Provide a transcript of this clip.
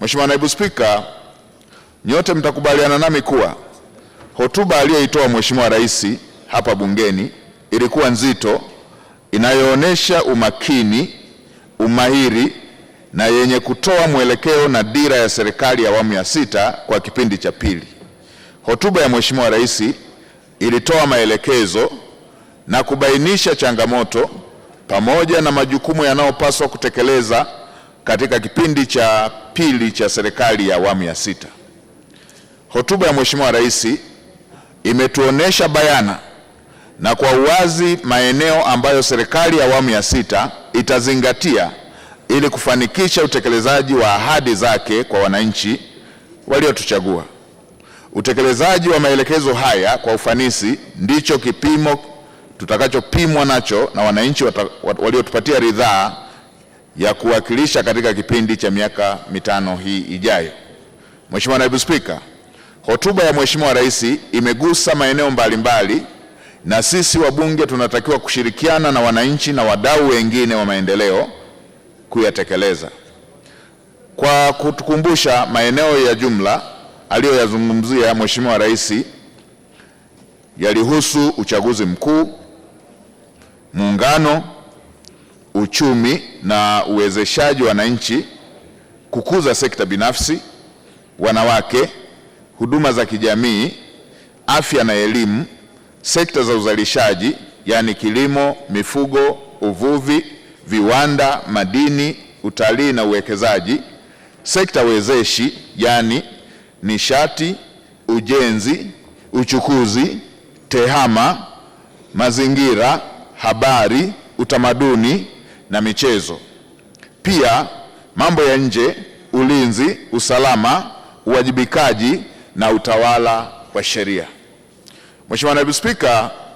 Mheshimiwa Naibu Spika, nyote mtakubaliana nami kuwa hotuba aliyoitoa Mheshimiwa Rais hapa bungeni ilikuwa nzito, inayoonyesha umakini, umahiri na yenye kutoa mwelekeo na dira ya serikali ya awamu ya sita kwa kipindi cha pili. Hotuba ya Mheshimiwa Rais ilitoa maelekezo na kubainisha changamoto pamoja na majukumu yanayopaswa kutekeleza katika kipindi cha pili cha serikali ya awamu ya sita. Hotuba ya Mheshimiwa Rais imetuonesha bayana na kwa uwazi maeneo ambayo serikali ya awamu ya sita itazingatia ili kufanikisha utekelezaji wa ahadi zake kwa wananchi waliotuchagua. Utekelezaji wa maelekezo haya kwa ufanisi ndicho kipimo tutakachopimwa nacho na wananchi waliotupatia ridhaa ya kuwakilisha katika kipindi cha miaka mitano hii ijayo. Mheshimiwa Naibu Spika, hotuba ya Mheshimiwa Rais imegusa maeneo mbalimbali mbali, na sisi wabunge tunatakiwa kushirikiana na wananchi na wadau wengine wa maendeleo kuyatekeleza kwa kutukumbusha maeneo ya jumla aliyoyazungumzia Mheshimiwa Rais yalihusu uchaguzi mkuu, muungano uchumi na uwezeshaji wa wananchi kukuza sekta binafsi, wanawake, huduma za kijamii, afya na elimu, sekta za uzalishaji yaani kilimo, mifugo, uvuvi, viwanda, madini, utalii na uwekezaji, sekta wezeshi yaani nishati, ujenzi, uchukuzi, tehama, mazingira, habari, utamaduni na michezo. Pia mambo ya nje, ulinzi, usalama, uwajibikaji na utawala wa sheria. Mheshimiwa Naibu Spika,